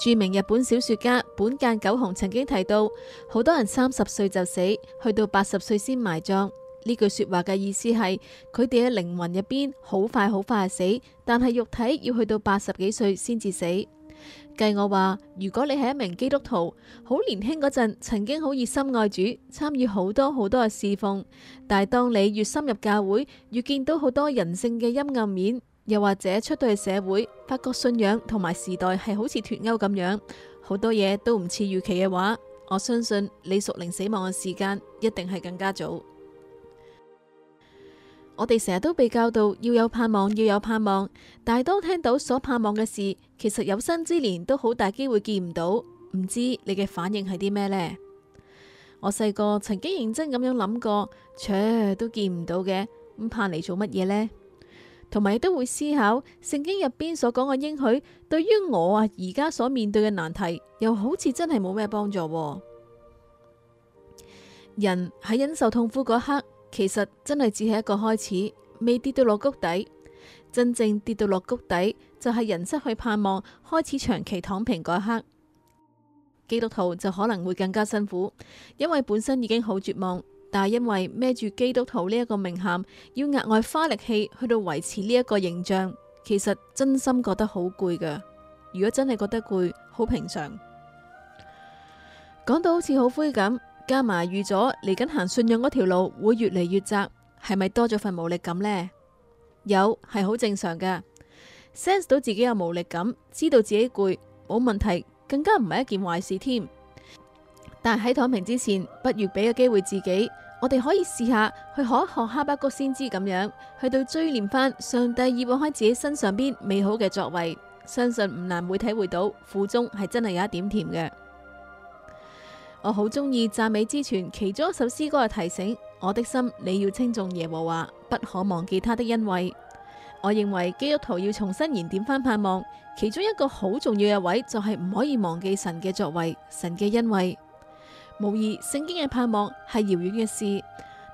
著名日本小說家本間久雄曾經提到，好多人三十歲就死，去到八十歲先埋葬。呢句說話嘅意思係，佢哋嘅靈魂入邊好快好快死，但係肉體要去到八十幾歲先至死。計我話，如果你係一名基督徒，好年輕嗰陣曾經好熱心愛主，參與好多好多嘅侍奉，但係當你越深入教會，越見到好多人性嘅陰暗面。又或者出到去社會，發覺信仰同埋時代係好似脫鈎咁樣，好多嘢都唔似預期嘅話，我相信李淑玲死亡嘅時間一定係更加早。 我哋成日都被教導要有盼望，要有盼望，但係當聽到所盼望嘅事，其實有生之年都好大機會見唔到，唔知你嘅反應係啲咩呢？我細個曾經認真咁樣諗過，切都見唔到嘅，咁盼嚟做乜嘢呢？同埋都會思考聖經入邊所講嘅應許，對於我啊而家所面對嘅難題，又好似真係冇咩幫助。人喺忍受痛苦嗰刻，其實真係只係一個開始，未跌到落谷底。真正跌到落谷底，就係人失去盼望，開始長期躺平嗰刻。基督徒就可能會更加辛苦，因為本身已經好絕望。但係因為孭住基督徒呢一個名銜，要額外花力氣去到維持呢一個形象，其實真心覺得好攰㗎。如果真係覺得攰，好平常。講 到好似好灰咁，加埋預咗嚟緊行信仰嗰條路會越嚟越窄，係咪多咗份無力感呢？有係好正常嘅，sense 到自己有無力感，知道自己攰，冇問題，更加唔係一件壞事添。但係喺躺平之前，不如俾個機會自己。我哋可以試下去學一學哈巴谷先知咁樣，去到追念翻上帝以往喺自己身上邊美好嘅作為，相信唔難會體會到苦中係真係有一點甜嘅。我好中意讚美之泉其中一首詩歌嘅提醒：我的心，你要稱頌耶和華，不可忘記他的恩惠。我認為基督徒要重新燃點翻盼望，其中一個好重要嘅位就係唔可以忘記神嘅作為，神嘅恩惠。無疑，聖經嘅盼望係遙遠嘅事。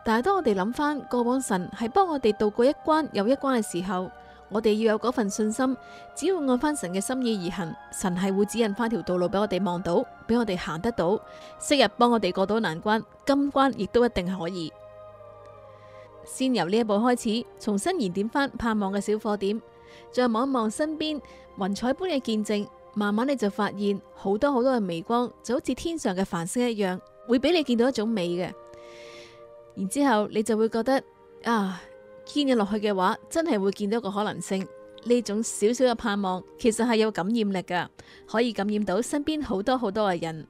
但係，當我哋諗翻過往，神係幫我哋渡過一關又一關嘅時候，我哋要有嗰份信心。只要按翻神嘅心意而行，神係會指引翻條道路俾我哋望到，俾我哋行得到。昔日幫我哋過到難關，今關亦都一定可以。先由呢一步開始，重新燃點翻盼望嘅小火點，再望一望身邊雲彩般嘅見證。慢慢你就發現好多好多嘅微光，就好似天上嘅繁星一樣，會俾你見到一種美嘅。然之後你就會覺得啊，堅持落去嘅話，真係會見到一個可能性。呢種少少嘅盼望，其實係有感染力㗎，可以感染到身邊好多好多嘅人。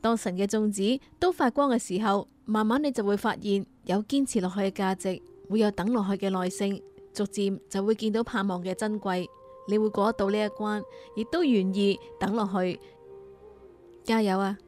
當神嘅種子都發光嘅時候，慢慢你就會發現有堅持落去嘅價值，會有等落去嘅耐性，逐漸就會見到盼望嘅珍貴。你會過得到呢一關，亦都願意等落去，加油啊！